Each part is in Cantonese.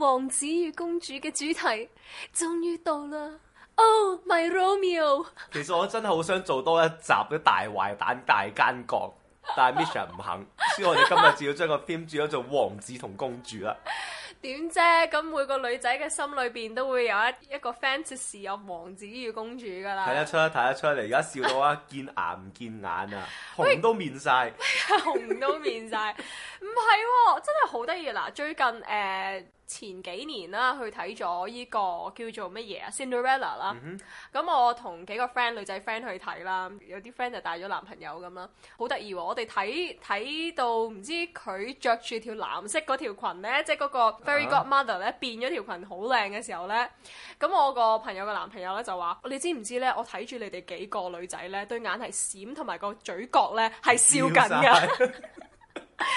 王子與公主嘅主題終於到啦！Oh my Romeo！其實我真係好想做多一集啲大壞蛋大奸角，但係 Misha 唔肯， 所以我哋今日只要將個 theme 轉咗做王子同公主啦。點啫？咁每個女仔嘅心裏邊都會有一一個 fantasy 有王子與公主噶啦。睇得出，睇得出，你而家笑到啊見牙唔見眼啊， 紅都面晒， 紅都面晒。唔係、哦，真係好得意嗱！最近誒。Uh, 前幾年啦，去睇咗依個叫做乜嘢啊《Cinderella、嗯哼》啦。咁我同幾個 friend 女仔 friend 去睇啦，有啲 friend 就帶咗男朋友咁啦，好得意喎！我哋睇睇到唔知佢着住條藍色嗰、就是、條裙咧，即係嗰個 Fairy Godmother 咧變咗條裙好靚嘅時候呢。咁、啊、我個朋友嘅男朋友呢，就話，你知唔知呢？我睇住你哋幾個女仔呢，對眼係閃，同埋個嘴角呢係笑緊㗎。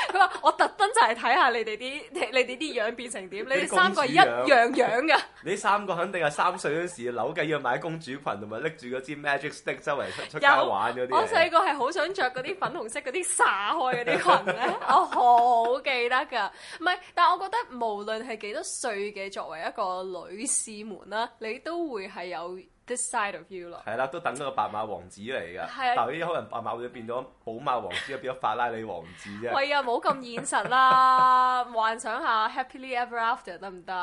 佢話 我特登就係睇下你哋啲，你哋啲樣變成點？你哋三個一樣樣噶。 你三個肯定係三歲嗰時扭計要，要買公主裙，同埋拎住嗰支 magic stick 周圍出，出街玩啲。我細個係好想着嗰啲粉紅色嗰啲撒開嗰啲裙咧， 我好記得噶。唔係，但係我覺得無論係幾多歲嘅，作為一個女士們啦，你都會係有。This side of you 咯，係啦，都等到嗰個白馬王子嚟噶，但係依家可能白馬會變咗寶馬王子，變咗法拉利王子啫。喂啊，唔好咁現實啦，幻想下 happily ever after 得唔得？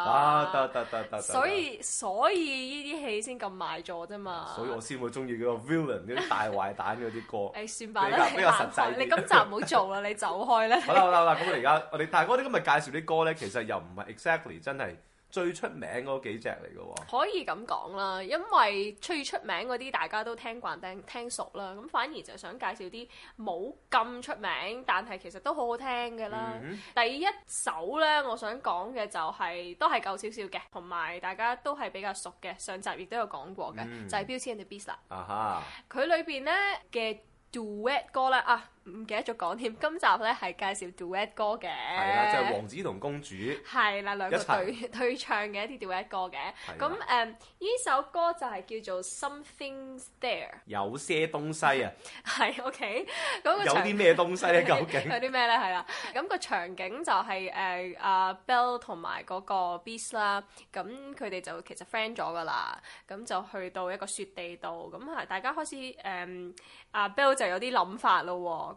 得得得得得。所以所以依啲戲先咁賣座啫嘛。所以我先會中意嗰個 villain 嗰啲大壞蛋嗰啲歌。誒，算吧啦，比較實際，你今集唔好做啦，你走開啦。好啦好啦好啦，咁我而家我哋，大哥啲今日介紹啲歌咧，其實又唔係 exactly 真係。最出名嗰幾隻嚟嘅喎，可以咁講啦，因為最出名嗰啲大家都聽慣聽、聽聽熟啦，咁反而就想介紹啲冇咁出名，但係其實都好好聽嘅啦。嗯、第一首呢，我想講嘅就係、是、都係舊少少嘅，同埋大家都係比較熟嘅，上集亦都有講過嘅，嗯、就係《Beauty、啊、<哈 >and the Beast》啊嚇。佢裏邊呢嘅 duet 歌呢。啊。唔記得咗講添，今集咧係介紹 duet 歌嘅，就係王子同公主，係啦，兩個對唱嘅一啲 duet 歌嘅。咁誒，呢首歌就係叫做 Something There，有些東西啊。係，OK。有啲咩東西咧？究竟有啲咩咧？係啦。咁個場景就係誒阿 Bell 同埋嗰個 Beast 啦。咁佢哋就其實 friend 咗噶啦。咁就去到一個雪地度，咁係大家開始誒阿 Bell 就有啲諗法咯。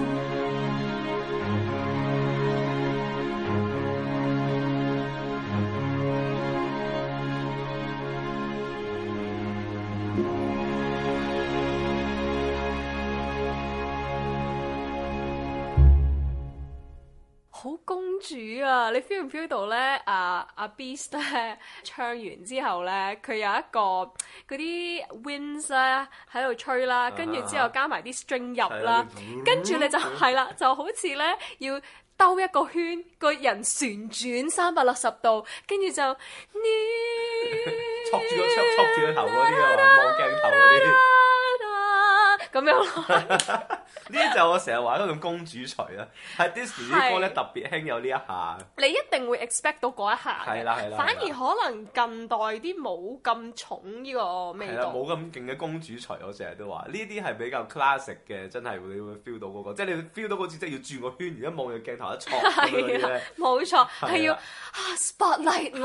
你 feel 唔 feel 到咧、啊？阿、啊、阿、啊、Beast 唱完之後咧，佢有一個嗰啲 winds 咧喺度吹啦，跟住之後加埋啲 string 入啦，啊嗯、跟住你就係、嗯、啦，就好似咧要兜一個圈，個 人旋轉三百六十度，跟住就你捉住、 啊這個窗，捉住個頭嗰啲係嘛？望鏡頭嗰、啊、啲。咁樣咯，呢啲就我成日話嗰種公主錘啊，係 Disney 啲歌咧特別興有呢一下。你一定會 expect 到嗰一下，係啦係啦。反而可能近代啲冇咁重呢個味道冇咁勁嘅公主錘，我成日都話呢啲係比較 classic 嘅，真係你會 feel 到嗰個，即係你 feel 到嗰次即係要轉個圈，而家望住鏡頭一闖，係啊，冇錯，係要啊 spotlight，係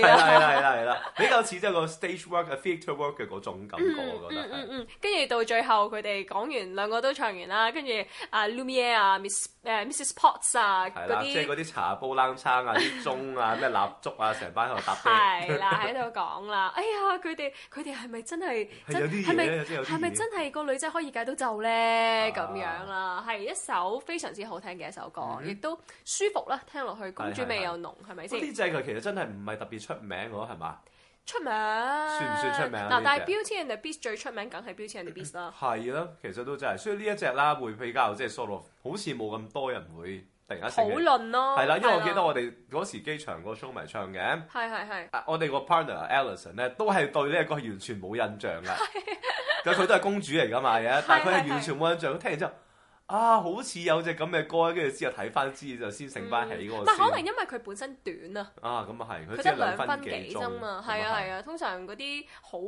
啦係啦係啦，比較似即係個 stage work 嘅 theatre work 嘅嗰種感覺，覺得嗯嗯，跟住到最後佢哋。講完兩個都唱完啦，跟住啊 Lumiere 啊 Miss 誒 Mrs Potts 啊啲的，些即係嗰啲茶煲冷餐啊，啲鐘 啊，咩蠟燭啊，成班喺度搭地，係啦喺度講啦，講 哎呀佢哋佢哋係咪真係真係咪真係個女仔可以解到咒咧咁樣啦？係一首非常之好聽嘅一首歌，亦、嗯、都舒服啦，聽落去公主味又濃，係咪先？嗰啲 正佢其實真係唔係特別出名，喎係嘛？出名算唔算出名嗱、啊？但係《Beauty and the Beast》最出名，梗係《Beauty and the Beast》啦。係啦，其實都真係，所以呢一隻啦、啊、會比較即係 sort of，好似冇咁多人會突然間討論咯、啊。係啦、啊，因為我記得我哋嗰時機場個 show 咪唱嘅。係係係。我哋個 partner Alison 咧都係對呢一個完全冇印象㗎。佢佢的都係公主嚟㗎嘛嘅，但係佢係完全冇印象。聽完之後。啊，好似有隻咁嘅歌，跟住之後睇翻之就先醒翻起嗰個。唔係可能因為佢本身短啊？啊，咁啊係，佢得兩分幾鐘嘛，係啊係啊，啊通常嗰啲好。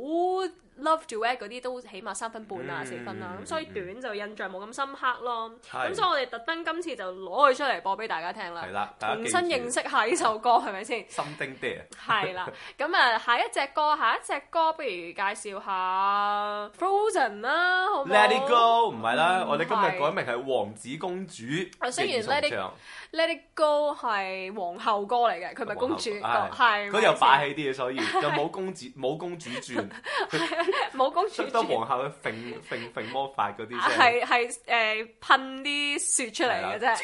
Love to Wet 嗰啲都起碼三分半啊、嗯、四分啦、啊，咁、嗯、所以短就印象冇咁深刻咯。咁是所以我哋特登今次就攞佢出嚟播俾大家聽啦，重新認識下呢首歌係咪先？心叮叮係啦，咁啊 Something there. 下一隻歌，下一隻歌不如介紹下 Frozen 啦，Let it go 唔係啦，嗯、我哋今日改名係王子公主。我雖然 Let Let It Go 係皇后歌嚟嘅，佢唔係公主，係佢又霸氣啲嘅，所以又冇公主冇公主轉，冇公主出得皇后嘅粉粉粉魔法嗰啲，係係誒噴啲雪出嚟嘅啫，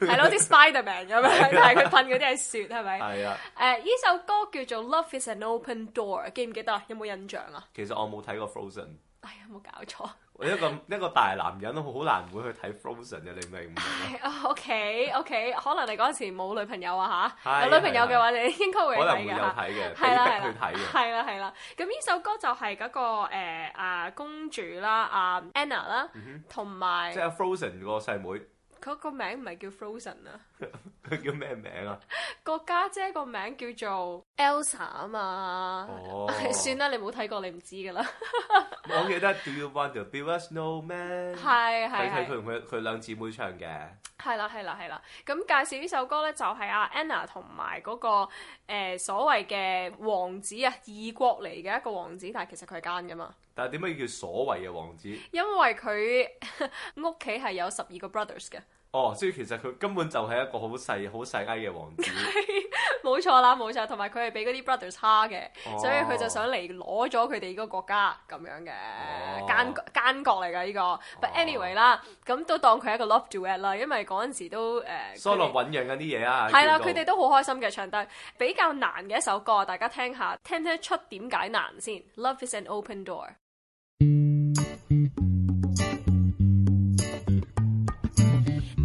係咯啲 Spiderman 咁樣，但係佢噴嗰啲係雪係咪？係啊誒，呢首歌叫做 Love Is An Open Door，記唔記得？有冇印象啊？其實我冇睇過 Frozen。哎呀，冇搞錯。一個一個大男人都好難會去睇 Frozen 嘅，你明唔明？哦 ，OK OK，可能你嗰陣時冇女朋友啊嚇，有 女朋友嘅話你應該會睇嘅啦，積 去睇嘅。係啦係啦，咁呢首歌就係嗰、嗰個啊、呃呃、公主啦，啊、呃、Anna 啦，同埋 即係 Frozen 個細妹、妹，佢個 名唔係叫 Frozen 啊。佢 叫咩名啊？個家 姐個名叫做 Elsa 啊嘛。哦，oh. 算啦，你冇睇過，你唔知噶啦。 我記得 Do you want to build a snowman？係係睇 睇佢唔佢，佢是兩姊妹唱嘅。係啦係啦係啦。咁介紹呢首歌咧，就係、是、阿、啊、Anna 同埋嗰個誒、呃、所謂嘅王子啊，異國嚟嘅一個王子，但係其實佢係奸噶嘛。但係點解要叫所謂嘅王子？ 因為佢屋企係有十二個 brothers 嘅。哦，所以其實佢根本就係一個好細、好細埃嘅王子，冇錯啦，冇錯。同埋佢係畀嗰啲 brother 差嘅，所以佢就想嚟攞咗佢哋呢個國家咁樣嘅奸奸角嚟㗎呢個。But anyway 啦，咁都當佢係一個 love duet 啦，因為嗰陣時都誒，收落醞釀緊啲嘢啊。係啦，佢哋都好開心嘅，唱得比較難嘅一首歌啊，大家聽下，聽唔聽得出點解難先。Love is an open door。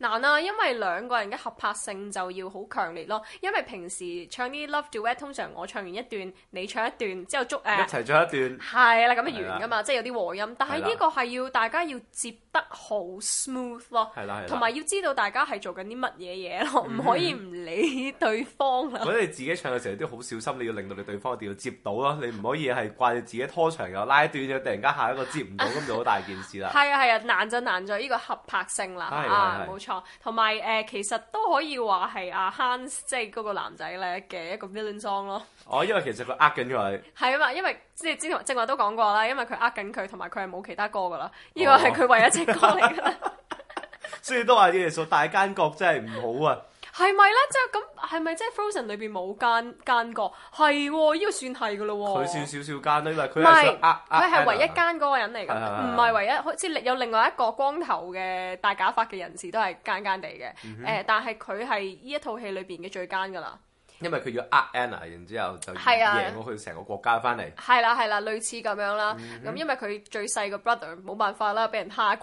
難啊，因為兩個人嘅合拍性就要好強烈咯。因為平時唱啲 Love duet，通常我唱完一段，你唱一段之後，捉誒一齊唱一段，係啦，咁樣完㗎嘛，即係有啲和音。但係呢個係要大家要接得好 smooth 咯，係啦，係啦，同埋要知道大家係做緊啲乜嘢嘢咯，唔可以唔理對方。我如果你自己唱嘅時候都好小心，你要令到你對方一定要接到啦，你唔可以係掛住自己拖長又拉一段，又突然間下一個接唔到，咁就好大件事啦。係啊，係啊，難就難在呢個合拍性啦，啊，冇錯。同埋誒，其實都可以話係阿 Hans 即係嗰個男仔咧嘅一個 villain song 咯。哦，因為其實佢呃緊佢。係啊嘛，因為即係之前正話都講過啦，因為佢呃緊佢，同埋佢係冇其他歌噶啦，依個係佢唯一隻歌嚟㗎啦。哦、 所以都話要做大奸角真係唔好啊！ 係咪咧？即係咁，係咪即係 Frozen 裏邊冇奸奸角？係喎，呢個、哦、算係噶咯。佢算少少奸啦，因為佢唔係阿佢係唯一奸嗰個人嚟噶，唔係、啊、唯一好似有另外一個光頭嘅大假髮嘅人士都係奸奸地嘅。誒、嗯哼，但係佢係呢一套戲裏邊嘅最奸噶啦。因為佢要呃 Anna，然之後就贏過去成個國家翻嚟。係啦係啦，類似咁樣啦。咁、嗯、哼因為佢最細個 brother，冇辦法啦，俾人蝦。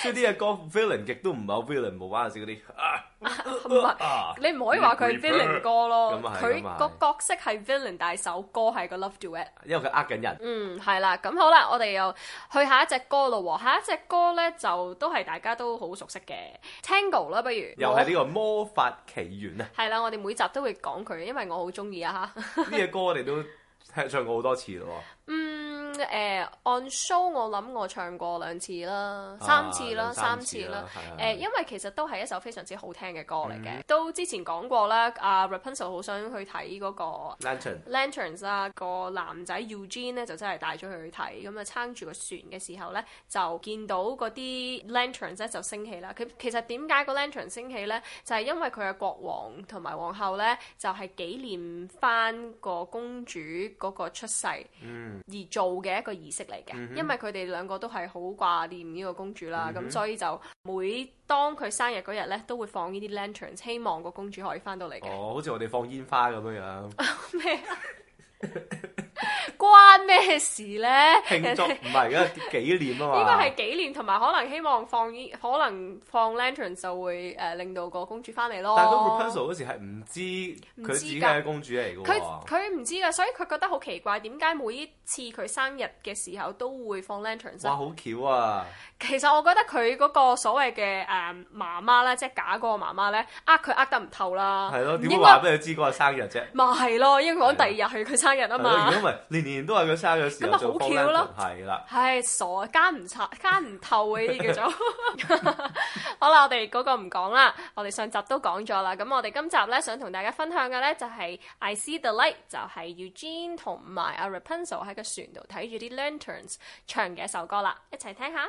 所以啲嘅 good villain 極都唔係 villain，冇啱時嗰啲、啊唔係， 你唔可以話佢係 villain 歌咯，佢個角色係 villain，但首歌係個 love duet，因為佢呃緊人。嗯，係啦，咁好啦，我哋又去下一隻歌咯，下一隻歌咧，就都係大家都好熟悉嘅 tango 啦，不如。又係呢個魔法奇緣啊！係啦，我哋每集都會講佢，因為我好中意啊！吓，呢隻歌我哋都聽唱過好多次咯。 嗯，誒 on show 我諗我唱過兩次啦，啊，三次啦，三次啦，誒、uh, 嗯，因為其實都係一首非常之好聽嘅歌嚟嘅。嗯、都之前講過啦，阿、uh, Rapunzel 好想去睇嗰個 lanterns、lanterns 啊，個男仔 Eugene 咧就真係帶咗佢去睇，咁啊撐住個船嘅時候咧，就見到嗰啲 lanterns 咧就升起啦。佢其實點解個 lantern 升起咧，就係、是、因為佢嘅國王同埋皇后咧就係、是、紀念翻個公主嗰個出世，嗯而做嘅一個儀式嚟嘅，嗯、哼因為佢哋兩個都係好掛念呢個公主啦，咁、嗯、哼所以就每當佢生日嗰日呢，都會放呢啲 lanterns，希望個公主可以翻到嚟。哦，好似我哋放煙花咁樣樣。咩啊 關咩事咧？慶祝唔係而家紀念咯！應該係紀念，同埋可能希望放可能放 lantern 就會誒、呃、令到個公主翻嚟咯。但係佢 Rapunzel 嗰時係唔知佢自己係公主嚟嘅喎。佢佢唔知㗎，所以佢覺得好奇怪，點解每一次佢生日嘅時候都會放 lantern？哇！好巧啊！其實我覺得佢嗰個所謂嘅誒、嗯、媽媽咧，即係假嗰個媽媽咧，呃佢呃得唔透啦。係咯，點解？話俾佢知嗰日生日啫？咪係咯，因為佢講第二日係佢生日啊嘛。如果都係佢生咗事咪好巧囉，係啦。係傻，間唔擦間唔透呢啲叫做。好啦，我哋嗰個唔講啦，我哋上集都講咗啦。咁我哋今集咧想同大家分享嘅咧就係、是《I See the Light》，就係 Eugene 同埋阿 Rapunzel 喺個船度睇住啲 lanterns 唱嘅一首歌啦，一齊聽下。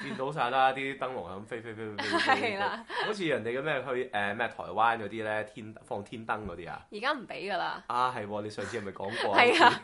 見到晒啦，啲燈籠咁飛飛飛飛飛，係啦，好似人哋嘅咩去誒咩台灣嗰啲咧，天放天燈嗰啲啊，而家唔俾噶啦。啊，係，你上次係咪講過？係啊，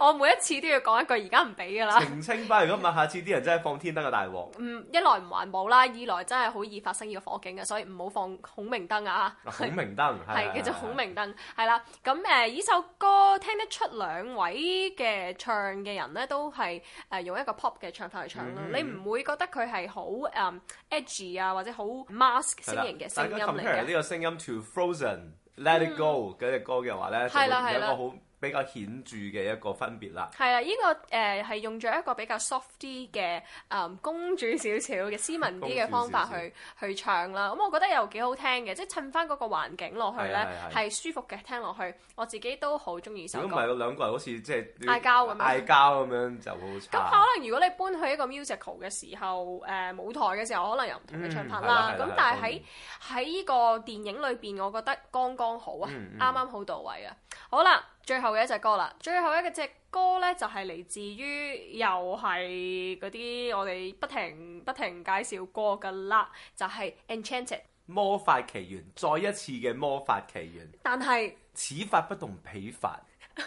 我每一次都要講一句，而家唔俾噶啦。澄清翻，如果唔係，下次啲人真係放天燈嘅大鑊。嗯，一來唔環保啦，二來真係好易發生依個火警嘅，所以唔好放孔明燈啊！孔明燈係叫做孔明燈，係啦。咁誒，依首歌聽得出兩位嘅唱嘅人咧，都係誒用一個 pop 嘅唱法嚟唱啦。你唔會。你覺得佢係好誒 edgy 啊，um, ed gy, 或者好 mask 聲型嘅聲音嚟㗎。但呢個聲音 to Frozen Let It Go 嗰隻、嗯、歌嘅話咧，係啦係啦。比較顯著嘅一個分別啦，係啦，呢個誒係用咗一個比較 soft 啲嘅誒公主少少嘅斯文啲嘅方法去小小去唱啦，咁我覺得又幾好聽嘅，即係襯翻嗰個環境落去咧，係舒服嘅，聽落去我自己都好中意首歌。如果唔係兩個人好似即係嗌交咁樣，嗌交咁樣就好差。咁 可能如果你搬去一個 musical 嘅時候，誒、呃、舞台嘅時候，可能有唔同嘅唱法啦。咁、嗯、但係喺喺呢個電影裏邊，我覺得剛剛好啊，啱啱好，好到位啊。好啦，最後嘅一隻歌啦，最後嘅一隻歌咧就係、是、嚟自於又係嗰啲我哋不停不停介紹過嘅啦，就係、是 en《Enchanted》魔法奇緣，再一次嘅魔法奇緣。但係是此法不同彼法。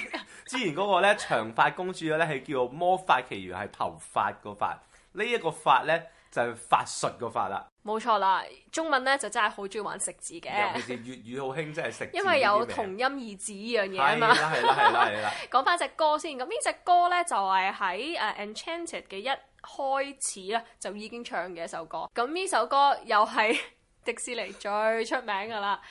之前嗰個咧長髮公主咧係叫魔法奇緣係頭髮，髮、呢個髮，呢一個法咧就係、是、法術個法啦。冇錯啦，中文咧就真係好中意玩食字嘅。尤其是粵語好興，真係食字,字。因為有同音異字 呢樣嘢啊嘛。係啦係啦係啦講翻隻歌先，咁呢隻歌咧就係、是、喺《啊 Enchanted》嘅一開始啦就已經唱嘅一首歌。咁呢首歌又係迪士尼最出名噶啦。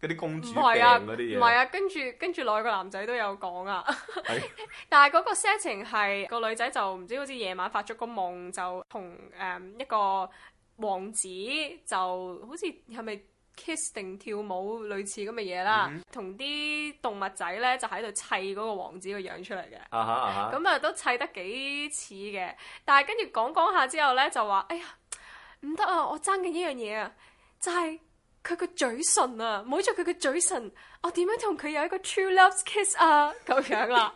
嗰啲公主病嗰啲嘢，唔係啊，跟住跟住落去嗰個男仔都有講啊，嗎 但係嗰個 setting 係、個女仔就唔知好似夜晚發咗個夢就同誒、嗯、一個王子就好似係咪 kiss 定跳舞類似咁嘅嘢啦，同啲、mm hmm. 動物仔咧就喺度砌嗰個王子個樣出嚟嘅，咁、uh huh, uh huh. 啊都砌得幾似嘅，但係跟住講講下之後咧就話，哎呀唔得啊，我爭緊呢樣嘢啊，就係。佢個嘴唇啊，冇咗佢個嘴唇，我點樣同佢有一個 true love kiss 啊？咁樣啦，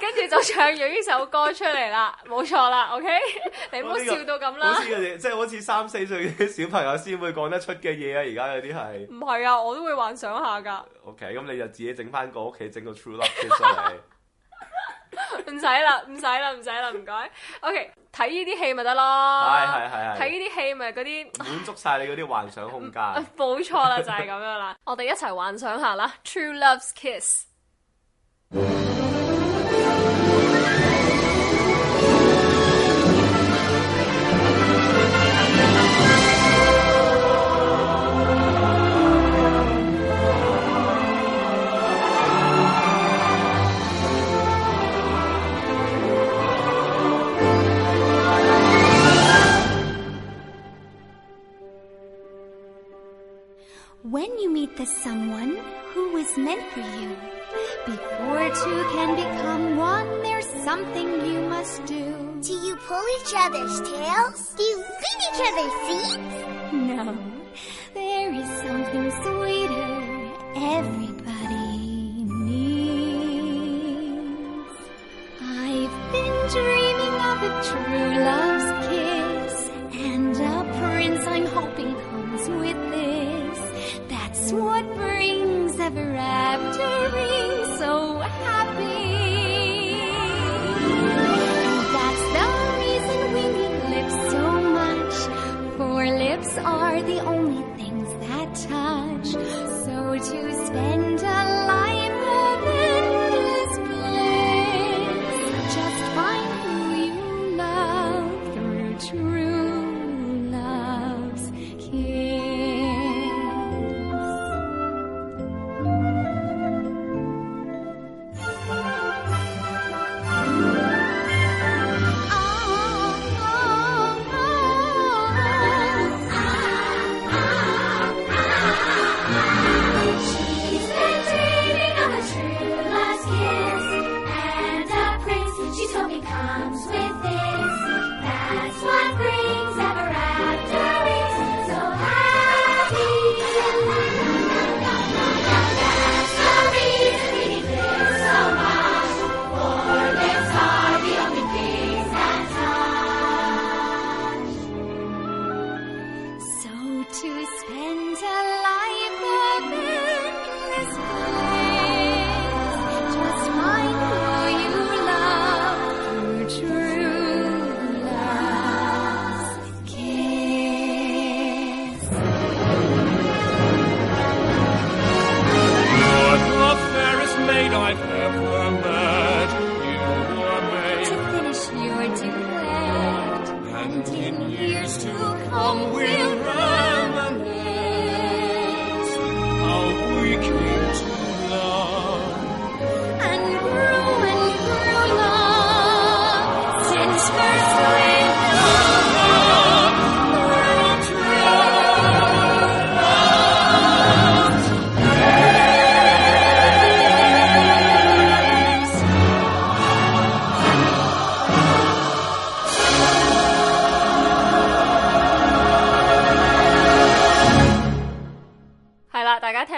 跟 住就唱咗呢首歌出嚟啦，冇錯啦，OK， 你唔好笑到咁啦。即係、好似嘅嘢，即係好似三四歲啲小朋友先會講得出嘅嘢啊！而家有啲係唔係啊？我都會幻想下噶。OK，咁你就自己整翻個屋企，整個 true love kiss 出嚟。 唔使啦，唔使啦，唔使啦，唔該。OK，睇呢啲戲咪得咯，係係係係，睇呢啲戲咪嗰啲滿足晒你嗰啲幻想空間。冇錯啦，就係咁樣啦， 我哋一齊幻想下啦 ，True Love's Kiss。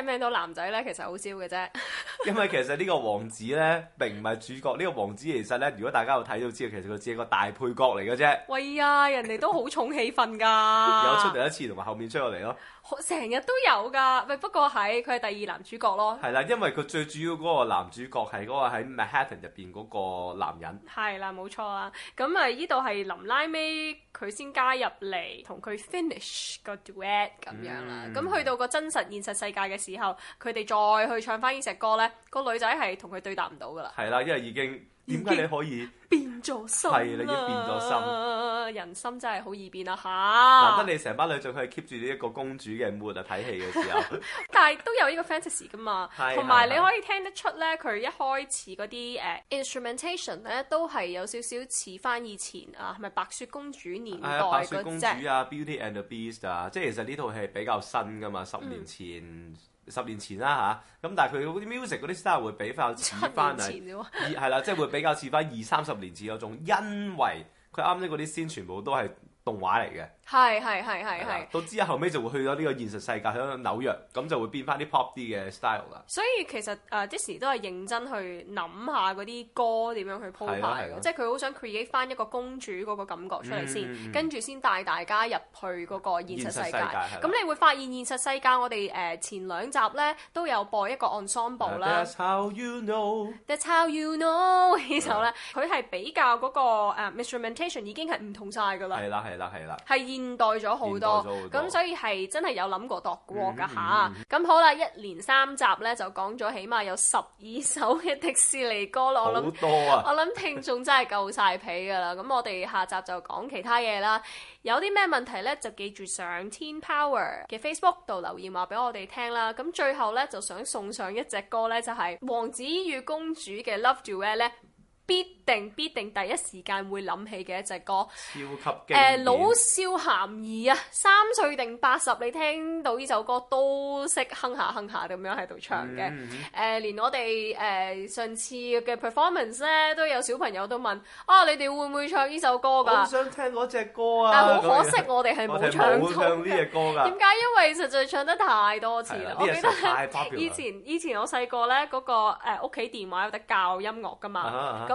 靚到男仔咧，其實好少嘅啫。因為其實呢個王子咧，並唔係主角。呢 個王子其實咧，如果大家有睇到，知道其實佢只係個大配角嚟嘅啫。喂呀、啊，人哋都好重氣氛噶。有出第一次，同埋後面出過嚟咯。成日都有噶，唔係，不過係佢係第二男主角咯。係啦，因為佢最主要嗰個男主角係嗰個喺 Manhattan 入邊嗰個男人。係啦，冇錯啦。咁啊，依度係臨拉尾佢先加入嚟，同佢 finish 個 duet 咁樣啦。咁、嗯、去到個真實現實世界嘅時候，佢哋的再去唱翻依隻歌咧，個女仔係同佢對答唔到噶啦。係啦，因為已經。點解你可以變咗心了？係，你已經變咗心。人心真係好易變啊嚇！難得你成班女將佢 keep 住呢一個公主嘅 mood 啊，睇戲嘅時候。 但係都有呢個 fantasy 㗎嘛，同埋 你可以聽得出咧，佢一開始嗰啲誒、uh, instrumentation 咧，都係有少少似翻以前啊，係咪白雪公主年代、哎、白雪公主啊、就是，Beauty and the Beast 啊，即係其實呢套戲比較新㗎嘛，十年前。嗯十年前啦吓，咁、啊、但係佢嗰啲 music 嗰啲 style 會比較似翻係，係係啦，即係會比較似翻二三十年前嗰種，因為佢啱啱啲先全部都係動畫嚟嘅。係係係係係。到之後尾就會去到呢個現實世界喺紐約，咁就會變翻啲 pop 啲嘅 style 啦。所以其實 Disney 都係認真去諗下嗰啲歌點樣去鋪排，即係佢好想 create 翻一個公主嗰個感覺出嚟先，跟住先帶大家入去嗰個現實世界。咁你會發現現實世界我哋誒前兩集咧都有播一個 ensemble 啦。That's how you know。That's how you know。呢首咧，佢係比較嗰個誒 instrumentation 已經係唔同晒㗎啦。係啦係啦係啦。係。現代咗好多，咁所以係真係有諗過度過噶吓。咁、嗯嗯嗯、好啦，一連三集呢就講咗起碼有十二首嘅迪士尼歌咯，啊。我諗 我諗聽眾真係夠晒皮噶啦。咁我哋下集就講其他嘢啦。有啲咩問題呢？就記住上 Teen Power 嘅 Facebook 度留言話俾我哋聽啦。咁最後呢，就想送上一隻歌呢，就係、是、王子與公主嘅 Love You 咧。呢必定必定第一時間會諗起嘅一隻歌，超級誒老少咸宜啊！三歲定八十，你聽到呢首歌都識哼下哼下咁樣喺度唱嘅。誒、嗯哼，連我哋誒上次嘅 performance 咧，都有小朋友都問哦、啊、你哋會唔會唱呢首歌㗎？好想聽嗰隻歌啊！但好可惜我， 我哋係冇唱到。冇唱呢隻歌㗎。點解？因為實在唱得太多次啦。次我記得以前以前我細、個咧嗰個誒屋企電話有得教音樂㗎嘛，咁。